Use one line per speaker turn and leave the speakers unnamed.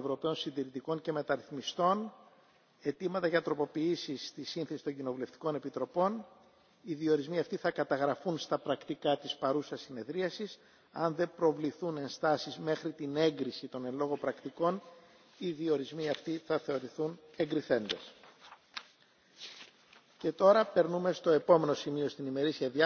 Ευρωπαίων Συντηρητικών και Μεταρρυθμιστών αιτήματα για τροποποιήσει στη σύνθεση των κοινοβουλευτικών επιτροπών. Οι διορισμοί αυτοί θα καταγραφούν στα πρακτικά της παρούσας συνεδρίασης. Αν δεν προβληθούν ενστάσεις μέχρι την έγκριση των εν πρακτικών, οι διορισμοί αυτοί θα θεωρηθούν εγκριθέντες. Και τώρα περνούμε στο επόμενο σημείο στην ημερήσια